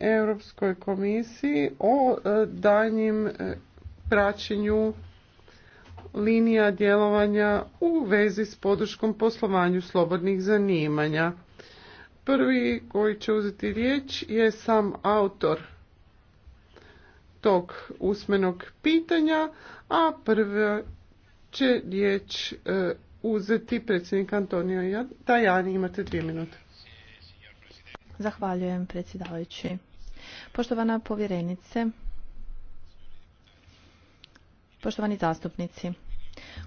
Europskoj komisiji o e, danjim e, praćenju linija djelovanja u vezi s podrškom poslovanju slobodnih zanimanja. Prvi koji će uzeti riječ je sam autor tog usmenog pitanja, a prva će riječ e, uzeti predsjednik Antonio Tajani. Imate dvije minute. Zahvaljujem predsjedavajući. Poštovana povjerenice, poštovani zastupnici,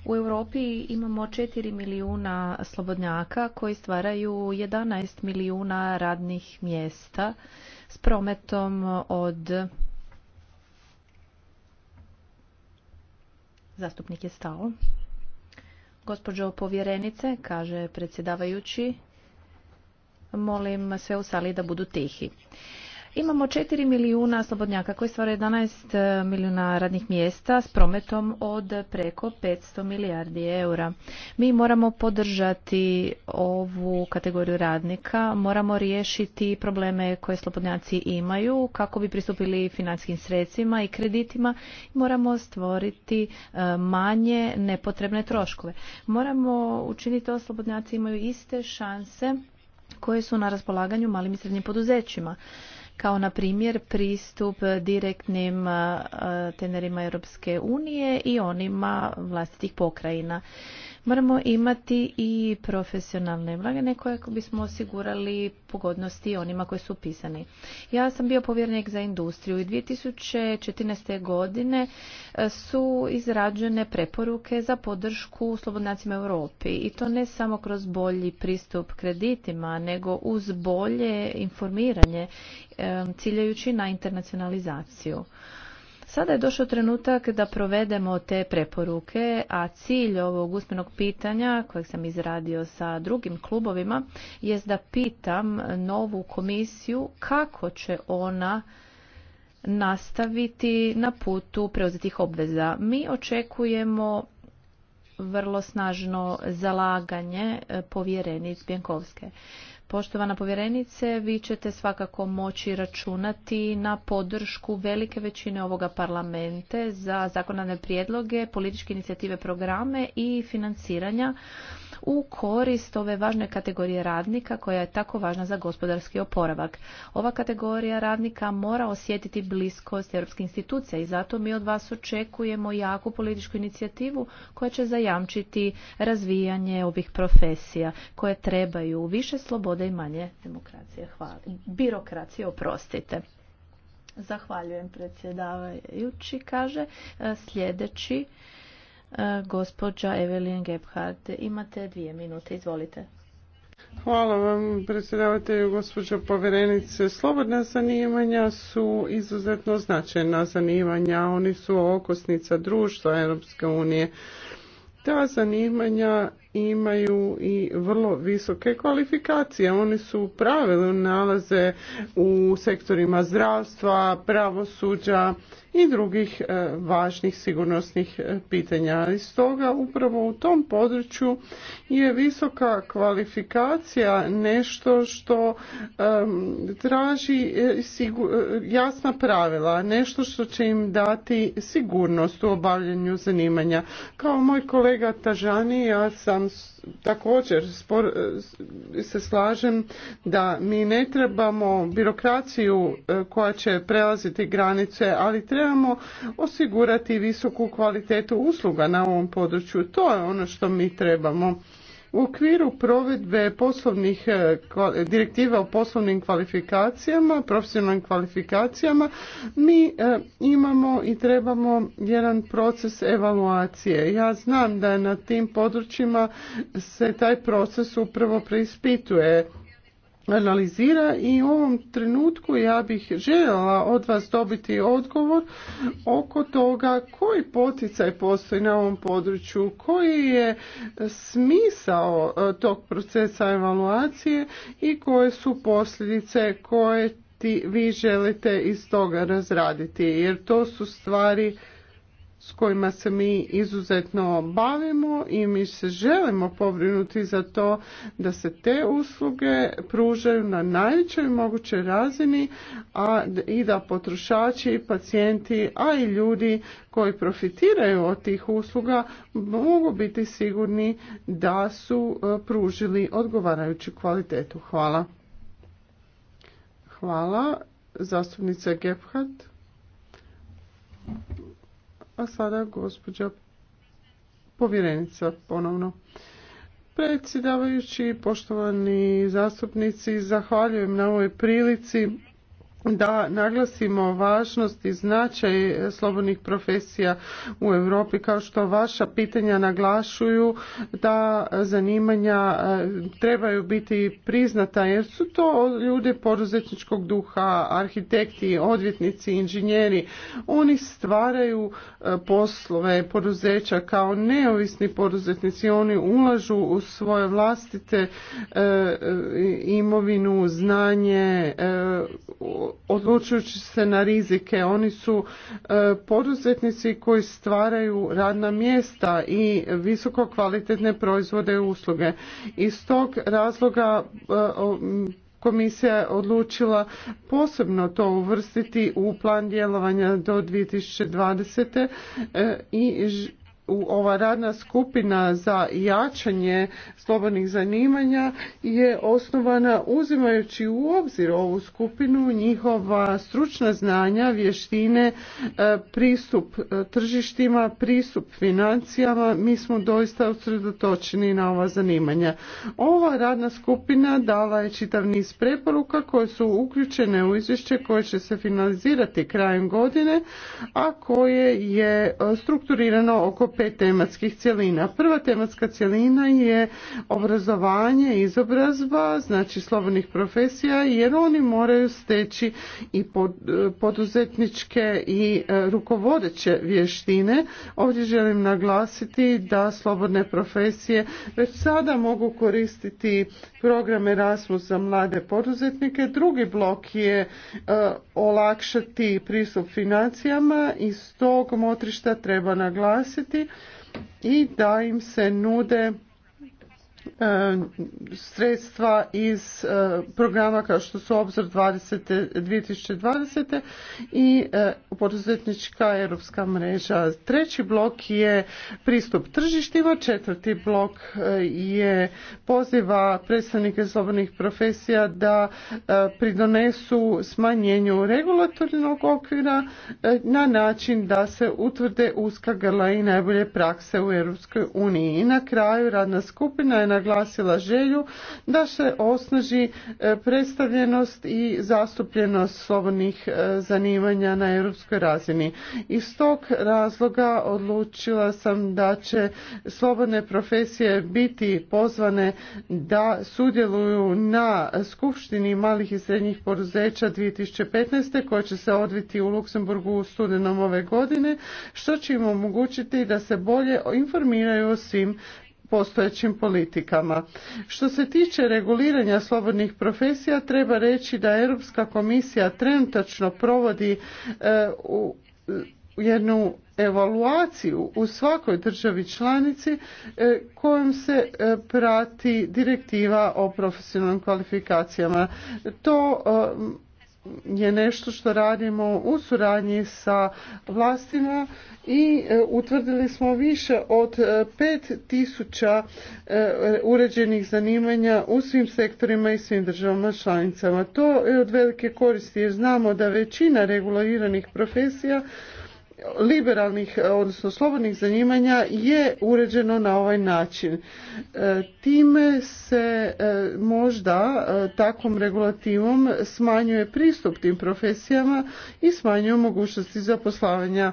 u Europi imamo 4 milijuna slobodnjaka koji stvaraju 11 milijuna radnih mjesta s prometom od... Zastupnik je stao. Gospođo povjerenice, kaže predsjedavajući, Molim sve u sali da budu tihi. Imamo 4 milijuna slobodnjaka koji stvara 11 e, milijuna radnih mjesta s prometom od preko 500 milijardi eura. Mi moramo podržati ovu kategoriju radnika, moramo riješiti probleme koje slobodnjaci imaju kako bi pristupili financijskim sredstvima i kreditima moramo stvoriti e, manje nepotrebne troškove. Moramo učiniti da slobodnjaci imaju iste šanse koje su na raspolaganju malim i srednjim poduzećima kao na primjer pristup direktnim tenerima Europske unije i onima vlastitih pokrajina. Moramo imati i profesionalne vlagane koje bismo osigurali pogodnosti onima koji su upisani. Ja sam bio povjernik za industriju i 2014. godine e, su izrađene preporuke za podršku slobodnacima Europi i to ne samo kroz bolji pristup kreditima, nego uz bolje informiranje e, ciljajući na internacionalizaciju. Sada je došao trenutak da provedemo te preporuke, a cilj ovog usmenog pitanja kojeg sam izradio sa drugim klubovima jest da pitam novu komisiju kako će ona nastaviti na putu preuzetih obveza. Mi očekujemo vrlo snažno zalaganje eh, povjerenic Bjenkovske. Poštovana povjerenice, vi ćete svakako moći računati na podršku velike većine ovoga parlamente za zakonane prijedloge, političke inicijative, programe i financiranja u korist ove važne kategorije radnika koja je tako važna za gospodarski oporavak. Ova kategorija radnika mora osjetiti bliskost europskih institucija i zato mi od vas očekujemo jaku političku inicijativu koja će zajamčiti razvijanje ovih profesija koje trebaju više slobode slobode i demokracije. Hvala. Birokracije, oprostite. Zahvaljujem predsjedavajući, kaže e, sljedeći e, gospođa Evelyn Gebhardt. Imate dvije minute, izvolite. Hvala vam, predsjedavatelju, gospođo povjerenice. Slobodna zanimanja su izuzetno značajna zanimanja. Oni su okosnica društva Europske unije. Ta zanimanja imaju i vrlo visoke kvalifikacije. Oni su u pravilu nalaze u sektorima zdravstva, pravosuđa i drugih e, važnih sigurnosnih e, pitanja. I stoga upravo u tom području je visoka kvalifikacija nešto što traži e, jasna pravila, nešto što će im dati sigurnost u obavljanju zanimanja. Kao moj kolega Tažani, ja sam također spor, e, se slažem da mi ne trebamo birokraciju e, koja će prelaziti granice, ali trebamo osigurati visoku kvalitetu usluga na ovom području. To je ono što mi trebamo. U okviru provedbe poslovnih e, direktiva o poslovnim kvalifikacijama, profesionalnim kvalifikacijama, mi e, imamo i trebamo jedan proces evaluacije. Ja znam da je na tim područjima se taj proces upravo preispituje analizira i u ovom trenutku ja bih željela od vas dobiti odgovor oko toga koji poticaj postoji na ovom području, koji je smisao e, tog procesa evaluacije i koje su posljedice koje ti vi želite iz toga razraditi jer to su stvari s kojima se mi izuzetno bavimo i mi se želimo pobrinuti za to da se te usluge pružaju na najvećoj mogućoj razini a i da potrošači, pacijenti, a i ljudi koji profitiraju od tih usluga mogu biti sigurni da su e, pružili odgovarajuću kvalitetu. Hvala. Hvala. Zastupnica Gebhardt. A sada gospođa povjerenica ponovno. Predsjedavajući, poštovani zastupnici, zahvaljujem na ovoj prilici da naglasimo važnost i značaj slobodnih profesija u Europi kao što vaša pitanja naglašuju da zanimanja e, trebaju biti priznata jer su to ljudi poduzetničkog duha, arhitekti, odvjetnici, inženjeri. Oni stvaraju e, poslove poduzeća kao neovisni poduzetnici. Oni ulažu u svoje vlastite e, imovinu, znanje, odlučujući se na rizike. Oni su e, poduzetnici koji stvaraju radna mjesta i visoko kvalitetne proizvode i usluge. Iz tog razloga e, komisija je odlučila posebno to uvrstiti u plan djelovanja do 2020. E, i u ova radna skupina za jačanje slobodnih zanimanja je osnovana uzimajući u obzir ovu skupinu njihova stručna znanja, vještine, e, pristup e, tržištima, pristup financijama. Mi smo doista usredotočeni na ova zanimanja. Ova radna skupina dala je čitav niz preporuka koje su uključene u izvješće koje će se finalizirati krajem godine, a koje je e, strukturirano oko pet tematskih cjelina. Prva tematska cjelina je obrazovanje, izobrazba, znači slobodnih profesija, jer oni moraju steći i poduzetničke i e, rukovodeće vještine. Ovdje želim naglasiti da slobodne profesije već sada mogu koristiti program Erasmus za mlade poduzetnike. Drugi blok je e, olakšati pristup financijama i s tog motrišta treba naglasiti i da im se nude E, sredstva iz e, programa kao što su obzor 20, 2020. i e, poduzetnička europska mreža. Treći blok je pristup tržištima, četvrti blok je poziva predstavnike slobodnih profesija da pridonesu smanjenju regulatornog okvira na način da se utvrde uska grla i najbolje prakse u Europskoj uniji. I na kraju radna skupina je na naglasila želju da se osnaži e, predstavljenost i zastupljenost slobodnih e, zanimanja na europskoj razini. Iz tog razloga odlučila sam da će slobodne profesije biti pozvane da sudjeluju na Skupštini malih i srednjih poduzeća 2015. koja će se odviti u Luksemburgu u studenom ove godine, što će im omogućiti da se bolje informiraju o svim postojećim politikama. Što se tiče reguliranja slobodnih profesija, treba reći da Europska komisija trenutačno provodi e, u jednu evaluaciju u svakoj državi članici e, kojom se e, prati direktiva o profesionalnim kvalifikacijama. To je nešto što radimo u suradnji sa vlastima i e, utvrdili smo više od 5000 e, e, uređenih zanimanja u svim sektorima i svim državama članicama. To je od velike koristi jer znamo da većina reguliranih profesija liberalnih, eh, odnosno slobodnih zanimanja je uređeno na ovaj način. Eh, time se eh, možda takvom regulativom smanjuje pristup tim profesijama i smanjuje mogućnosti zaposlavanja.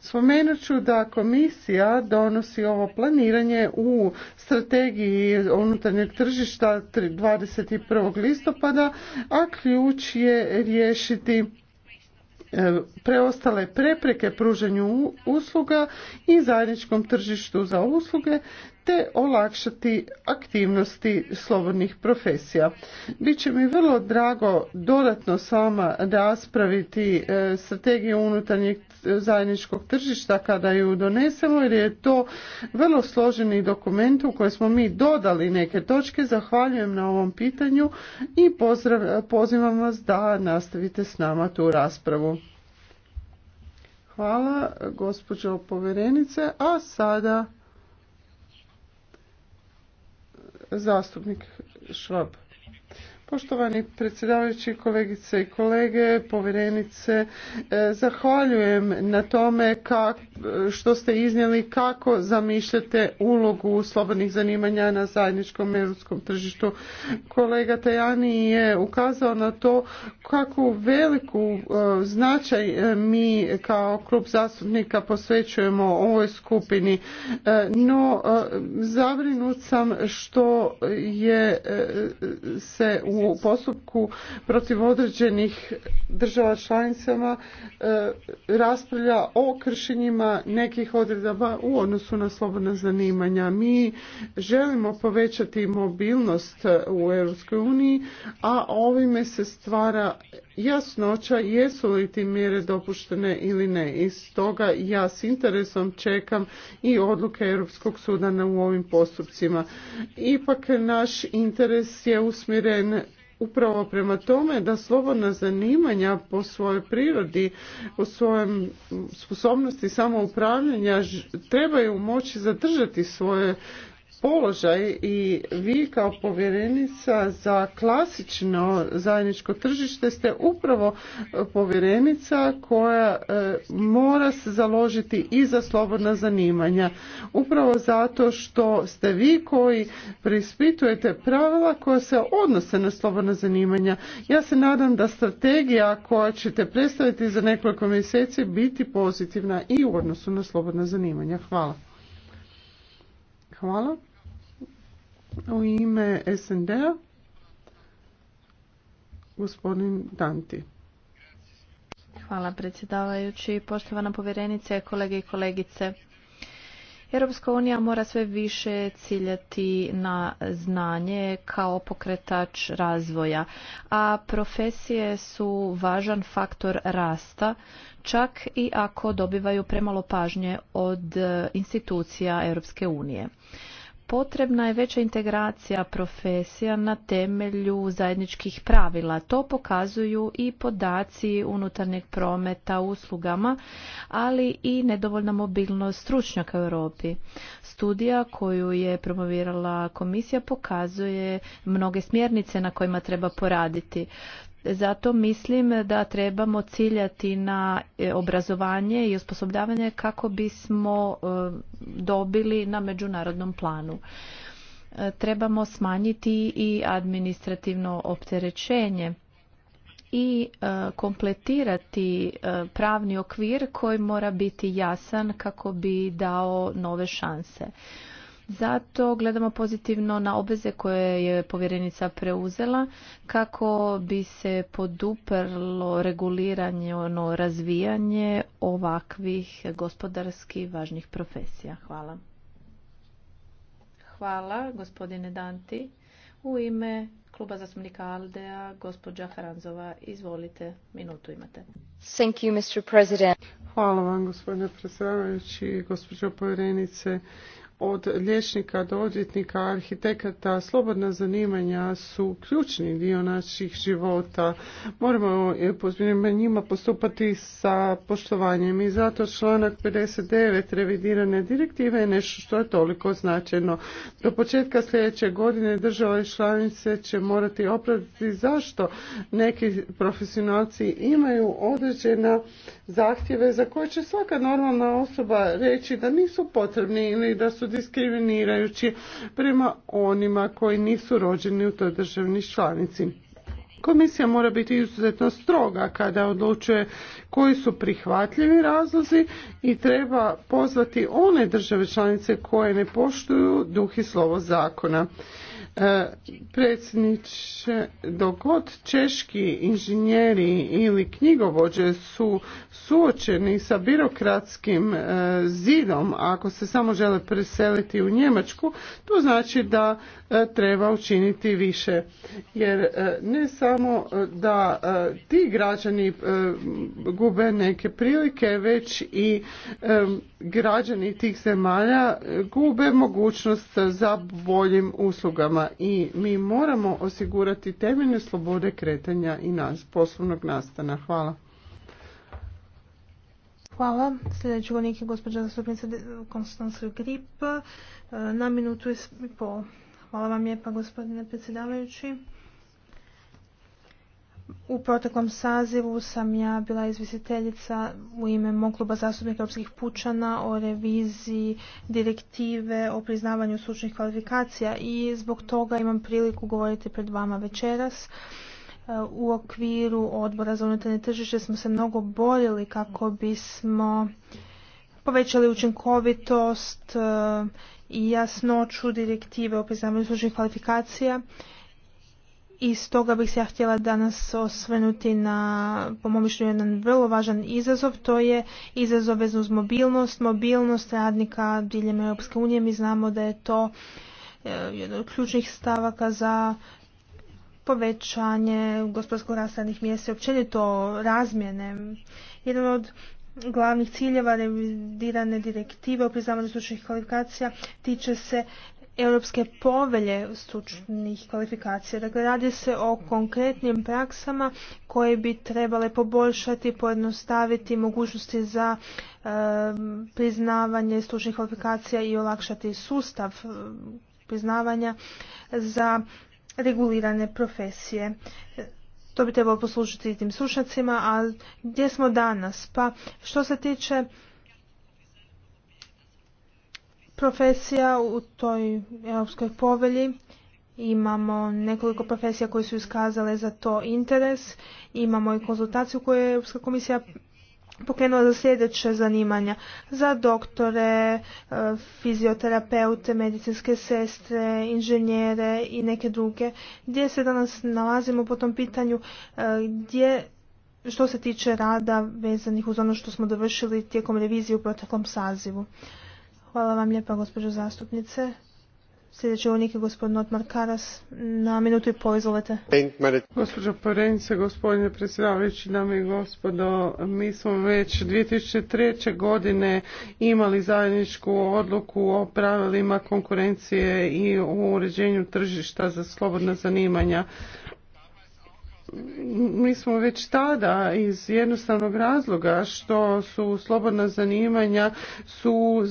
Spomenut ću da komisija donosi ovo planiranje u strategiji unutarnjeg tržišta 21. listopada, a ključ je riješiti E, preostale prepreke pruženju usluga i zajedničkom tržištu za usluge te olakšati aktivnosti slobodnih profesija. Biće mi vrlo drago dodatno s vama raspraviti e, strategiju unutarnjeg e, zajedničkog tržišta kada ju donesemo jer je to vrlo složeni dokument u kojem smo mi dodali neke točke. Zahvaljujem na ovom pitanju i pozivam vas da nastavite s nama tu raspravu. Hvala gospođo povjerenice, a sada Zastupnik Švab. Poštovani predsjedavajući, kolegice i kolege, povjerenice, e, zahvaljujem na tome što ste iznijeli kako zamišljate ulogu slobodnih zanimanja na zajedničkom europskom tržištu. Kolega Tajani je ukazao na to kako veliku e, značaj e, mi kao klub zastupnika posvećujemo ovoj skupini. No, zabrinut sam što je se u u postupku protiv određenih država članicama e, raspravlja o kršenjima nekih odredaba u odnosu na slobodna zanimanja. Mi želimo povećati mobilnost u EU, a ovime se stvara jasnoća jesu li ti mjere dopuštene ili ne. I stoga ja s interesom čekam i odluke Europskog suda u ovim postupcima. Ipak naš interes je usmjeren upravo prema tome da slobodna zanimanja po svojoj prirodi, po svojem sposobnosti samoupravljanja trebaju moći zadržati svoje položaj i vi kao povjerenica za klasično zajedničko tržište ste upravo povjerenica koja e, mora se založiti i za slobodna zanimanja. Upravo zato što ste vi koji preispitujete pravila koja se odnose na slobodna zanimanja. Ja se nadam da strategija koja ćete predstaviti za nekoliko mjeseci biti pozitivna i u odnosu na slobodna zanimanja. Hvala. Hvala. U ime SND-a gospodin Danti. Hvala predsjedavajući, poštovana povjerenice, kolege i kolegice. Europska unija mora sve više ciljati na znanje kao pokretač razvoja, a profesije su važan faktor rasta, čak i ako dobivaju premalo pažnje od eh, institucija Europske unije potrebna je veća integracija profesija na temelju zajedničkih pravila. To pokazuju i podaci unutarnjeg prometa uslugama, ali i nedovoljna mobilnost stručnjaka u Europi. Studija koju je promovirala komisija pokazuje mnoge smjernice na kojima treba poraditi. Zato mislim da trebamo ciljati na e, obrazovanje i osposobljavanje kako bismo e, dobili na međunarodnom planu e, trebamo smanjiti i administrativno opterećenje i kompletirati pravni okvir koji mora biti jasan kako bi dao nove šanse. Zato gledamo pozitivno na obveze koje je povjerenica preuzela kako bi se poduprlo reguliranje, ono razvijanje ovakvih gospodarski važnih profesija. Hvala. Hvala gospodine Danti. U ime Kluba zastupnika Aldea, gospođa Haranzova, izvolite, minutu imate. Thank you, Mr. Hvala vam, gospodine predsjedavajući, gospođo povjerenice od liječnika do odvjetnika, arhitekata, slobodna zanimanja su ključni dio naših života. Moramo prema njima postupati sa poštovanjem i zato članak 59 revidirane direktive je nešto što je toliko značajno. Do početka sljedeće godine države članice će morati opraviti zašto neki profesionalci imaju određena zahtjeve za koje će svaka normalna osoba reći da nisu potrebni ili da su su diskriminirajući prema onima koji nisu rođeni u toj državni članici. Komisija mora biti izuzetno stroga kada odlučuje koji su prihvatljivi razlozi i treba pozvati one države članice koje ne poštuju duh i slovo zakona. E, predsjedniče, dogod češki inženjeri ili knjigovođe su suočeni sa birokratskim e, zidom, ako se samo žele preseliti u Njemačku, to znači da e, treba učiniti više. Jer ne samo da ti građani gube neke prilike, već i građani tih zemalja gube mogućnost za boljim uslugama i mi moramo osigurati temeljne slobode kretanja i nas, poslovnog nastana. Hvala. Hvala. Sljedeći govornik je gospođa zastupnica Grip e, na minutu i po Hvala vam lijepa gospodine predsjedavajući. U proteklom sazivu sam ja bila izvisiteljica u ime mog kluba zastupnika Europskih pučana o reviziji direktive o priznavanju stručnih kvalifikacija i zbog toga imam priliku govoriti pred vama večeras. E, u okviru odbora za unutarnje tržište smo se mnogo borili kako bismo povećali učinkovitost e, i jasnoću direktive o priznavanju stručnih kvalifikacija i stoga bih se ja htjela danas osvenuti na, po mom mišljenju, jedan vrlo važan izazov, to je izazov vezan uz mobilnost, mobilnost radnika diljem Europske unije. Mi znamo da je to e, jedan od ključnih stavaka za povećanje gospodarskog radnih mjesta i općenito razmjene. Jedan od glavnih ciljeva revidirane direktive o priznavanju stručnih kvalifikacija tiče se europske povelje stručnih kvalifikacija. Dakle, radi se o konkretnim praksama koje bi trebale poboljšati, pojednostaviti mogućnosti za priznavanje stručnih kvalifikacija i olakšati sustav priznavanja za regulirane profesije. To bi trebalo poslužiti i tim sušacima, a gdje smo danas? Pa što se tiče profesija u toj europskoj povelji. Imamo nekoliko profesija koje su iskazale za to interes. Imamo i konzultaciju koju je Europska komisija pokrenula za sljedeće zanimanja. Za doktore, e, fizioterapeute, medicinske sestre, inženjere i neke druge. Gdje se danas nalazimo po tom pitanju? E, gdje što se tiče rada vezanih uz ono što smo dovršili tijekom revizije u proteklom sazivu. Hvala vam lijepa, gospođo zastupnice. Sljedeći unik je gospodin Otmar Karas. Na minutu i pol izvolite. Gospođo Porenice, gospodine predsjedavajući, dame i gospodo, mi smo već 2003. godine imali zajedničku odluku o pravilima konkurencije i o uređenju tržišta za slobodna zanimanja mi smo već tada iz jednostavnog razloga što su slobodna zanimanja su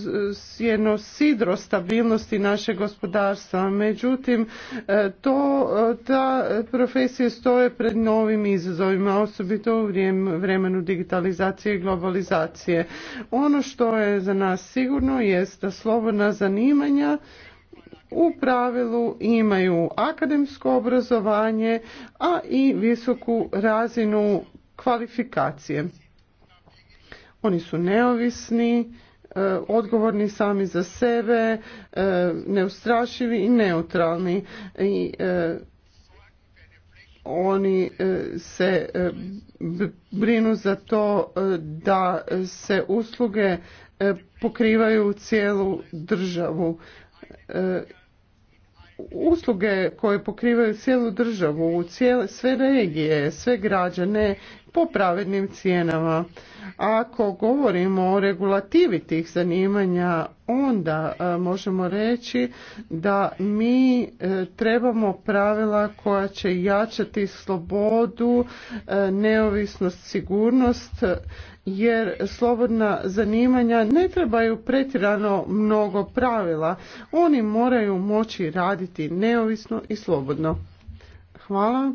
jedno sidro stabilnosti našeg gospodarstva. Međutim, e, to e, ta profesije stoje pred novim izazovima, osobito u vremenu digitalizacije i globalizacije. Ono što je za nas sigurno jest da slobodna zanimanja u pravilu imaju akademsko obrazovanje, a i visoku razinu kvalifikacije. Oni su neovisni, e, odgovorni sami za sebe, e, neustrašivi i neutralni. I e, oni se brinu za to da se usluge pokrivaju cijelu državu usluge koje pokrivaju cijelu državu, cijele sve regije, sve građane po pravednim cijenama. ako govorimo o regulativi tih zanimanja, onda e, možemo reći da mi e, trebamo pravila koja će jačati slobodu, e, neovisnost, sigurnost jer slobodna zanimanja ne trebaju pretirano mnogo pravila. Oni moraju moći raditi neovisno i slobodno. Hvala.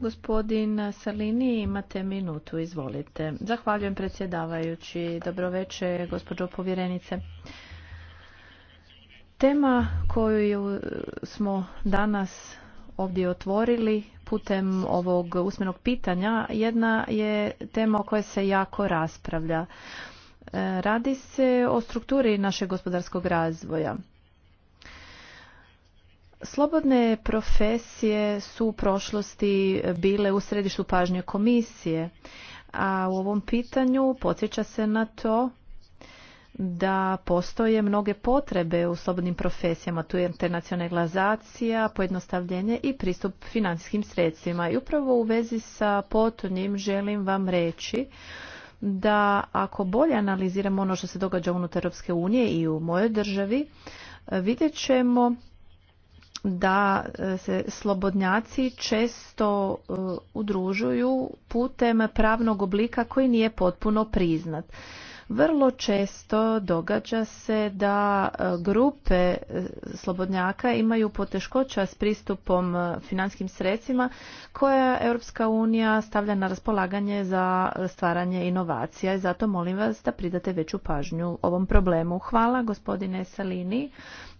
Gospodin Salini, imate minutu, izvolite. Zahvaljujem predsjedavajući. Dobro gospođo povjerenice. Tema koju smo danas ovdje otvorili putem ovog usmenog pitanja jedna je tema o kojoj se jako raspravlja. E, radi se o strukturi našeg gospodarskog razvoja. Slobodne profesije su u prošlosti bile u središtu pažnje komisije, a u ovom pitanju podsjeća se na to da postoje mnoge potrebe u slobodnim profesijama, tu je internacionalizacija, pojednostavljenje i pristup financijskim sredstvima. I upravo u vezi sa potonjim želim vam reći da ako bolje analiziramo ono što se događa unutar Europske unije i u mojoj državi, vidjet ćemo da e, se slobodnjaci često e, udružuju putem pravnog oblika koji nije potpuno priznat. Vrlo često događa se da e, grupe e, slobodnjaka imaju poteškoća s pristupom e, financijskim sredstvima koja Europska unija stavlja na raspolaganje za stvaranje inovacija i zato molim vas da pridate veću pažnju ovom problemu. Hvala gospodine Salini,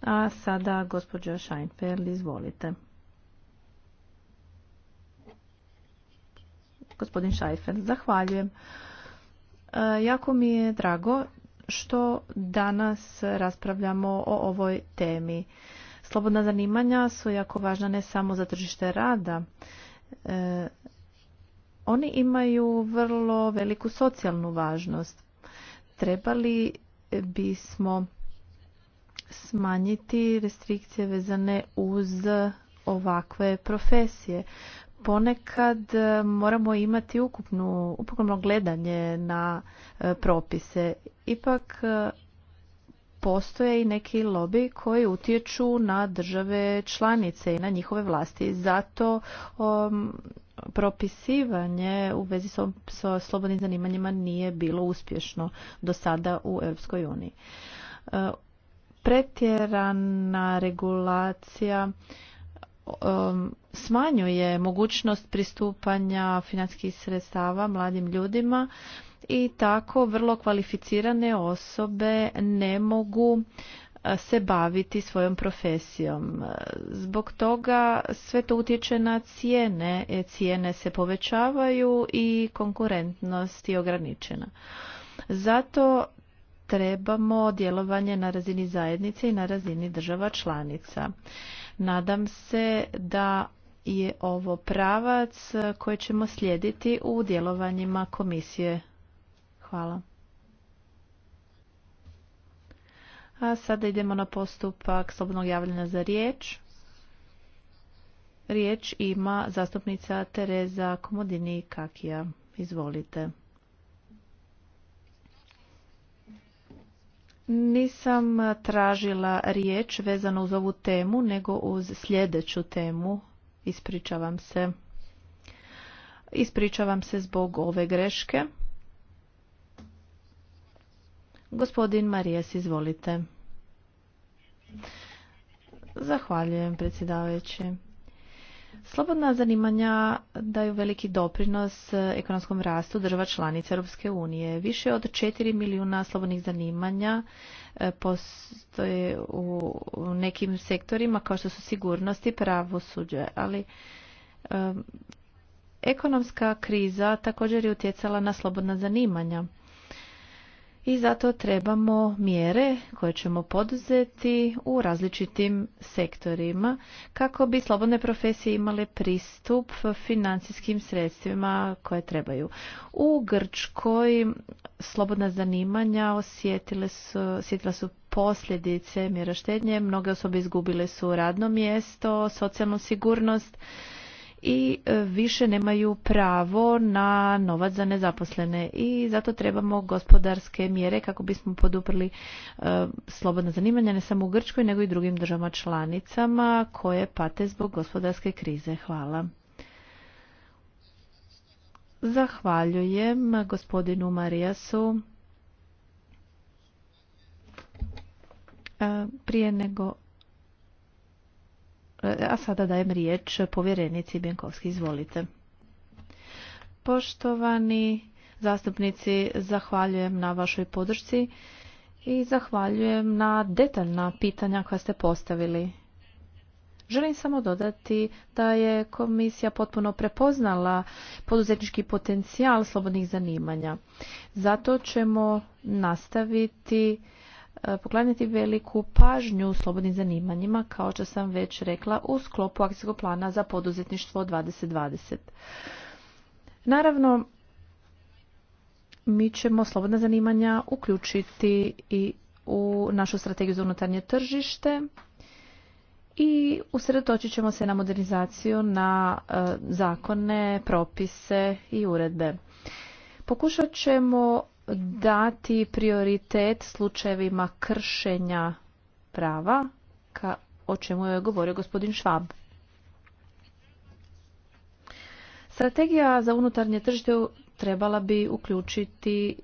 a sada gospođa Scheinfeld, izvolite. Gospodin Šajfer, zahvaljujem. E, jako mi je drago što danas raspravljamo o ovoj temi. Slobodna zanimanja su jako važna ne samo za tržište rada. E, oni imaju vrlo veliku socijalnu važnost. Trebali bismo smanjiti restrikcije vezane uz ovakve profesije ponekad e, moramo imati ukupnu, ukupno gledanje na e, propise. Ipak e, postoje i neki lobi koji utječu na države članice i na njihove vlasti. Zato um, propisivanje u vezi sa, slobodnim zanimanjima nije bilo uspješno do sada u Europskoj uniji. Pretjerana regulacija Um, smanjuje mogućnost pristupanja financijskih sredstava mladim ljudima i tako vrlo kvalificirane osobe ne mogu uh, se baviti svojom profesijom. Uh, zbog toga sve to utječe na cijene, e, cijene se povećavaju i konkurentnost je ograničena. Zato trebamo djelovanje na razini zajednice i na razini država članica. Nadam se da je ovo pravac koji ćemo slijediti u djelovanjima komisije. Hvala. A sada idemo na postupak slobodnog javljanja za riječ. Riječ ima zastupnica Tereza Komodini Kakija. Izvolite. Nisam tražila riječ vezano uz ovu temu, nego uz sljedeću temu. Ispričavam se. Ispričavam se zbog ove greške. Gospodin Marijes, izvolite. Zahvaljujem predsjedavajući. Slobodna zanimanja daju veliki doprinos e, ekonomskom rastu država članica Europske unije. Više od 4 milijuna slobodnih zanimanja e, postoje u nekim sektorima kao što su sigurnost i pravosuđe, ali e, ekonomska kriza također je utjecala na slobodna zanimanja i zato trebamo mjere koje ćemo poduzeti u različitim sektorima kako bi slobodne profesije imale pristup financijskim sredstvima koje trebaju. U Grčkoj slobodna zanimanja osjetile su, osjetila su posljedice mjera štednje, mnoge osobe izgubile su radno mjesto, socijalnu sigurnost i e, više nemaju pravo na novac za nezaposlene i zato trebamo gospodarske mjere kako bismo poduprli e, slobodna zanimanja ne samo u Grčkoj nego i drugim državama članicama koje pate zbog gospodarske krize. Hvala. Zahvaljujem gospodinu Marijasu. E, prije nego E, a sada dajem riječ povjerenici Bjenkovski. Izvolite. Poštovani zastupnici, zahvaljujem na vašoj podršci i zahvaljujem na detaljna pitanja koja ste postavili. Želim samo dodati da je komisija potpuno prepoznala poduzetnički potencijal slobodnih zanimanja. Zato ćemo nastaviti E, poklanjati veliku pažnju slobodnim zanimanjima, kao što sam već rekla, u sklopu akcijskog plana za poduzetništvo 2020. Naravno, mi ćemo slobodna zanimanja uključiti i u našu strategiju za unutarnje tržište i usredotočit ćemo se na modernizaciju, na e, zakone, propise i uredbe. Pokušat ćemo dati prioritet slučajevima kršenja prava, ka, o čemu je govorio gospodin Švab. Strategija za unutarnje tržište trebala bi uključiti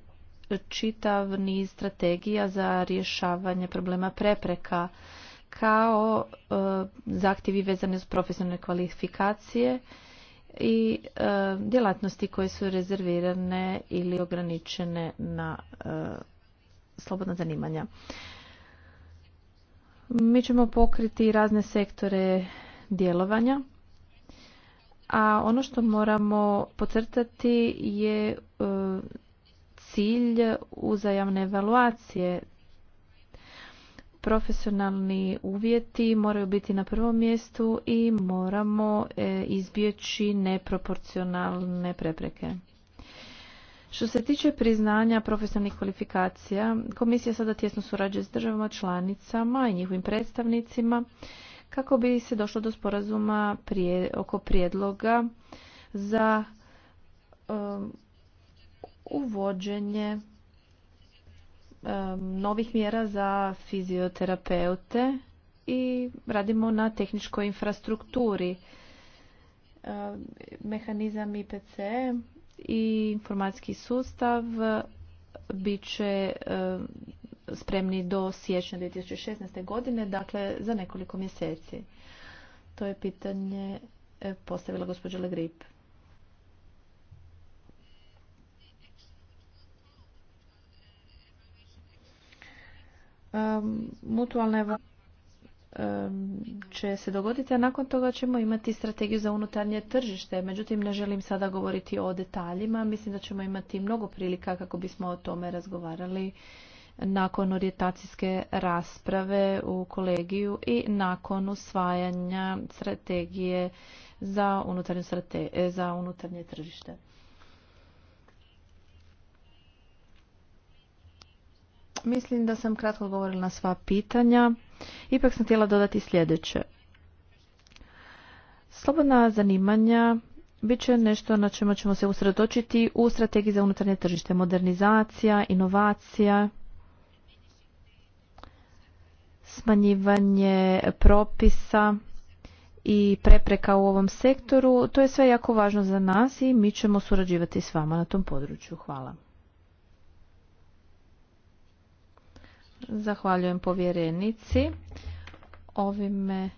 čitav niz strategija za rješavanje problema prepreka kao e, zahtjevi vezani uz profesionalne kvalifikacije i e, djelatnosti koje su rezervirane ili ograničene na e, slobodna zanimanja. Mi ćemo pokriti razne sektore djelovanja, a ono što moramo pocrtati je e, cilj uzajamne evaluacije profesionalni uvjeti moraju biti na prvom mjestu i moramo e, izbjeći neproporcionalne prepreke. Što se tiče priznanja profesionalnih kvalifikacija, komisija sada tjesno surađuje s državama članicama i njihovim predstavnicima kako bi se došlo do sporazuma oko prijedloga za e, uvođenje novih mjera za fizioterapeute i radimo na tehničkoj infrastrukturi. Mehanizam IPC i informacijski sustav bit će spremni do siječnja 2016. godine, dakle za nekoliko mjeseci. To je pitanje e, postavila gospođa Legrip. mutualne će se dogoditi, a nakon toga ćemo imati strategiju za unutarnje tržište. Međutim, ne želim sada govoriti o detaljima. Mislim da ćemo imati mnogo prilika kako bismo o tome razgovarali nakon orijentacijske rasprave u kolegiju i nakon usvajanja strategije za, za unutarnje tržište. Mislim da sam kratko odgovorila na sva pitanja. Ipak sam htjela dodati sljedeće. Slobodna zanimanja bit će nešto na čemu ćemo se usredotočiti u strategiji za unutarnje tržište. Modernizacija, inovacija, smanjivanje propisa i prepreka u ovom sektoru. To je sve jako važno za nas i mi ćemo surađivati s vama na tom području. Hvala. Zahvaljujem povjerenici. Ovime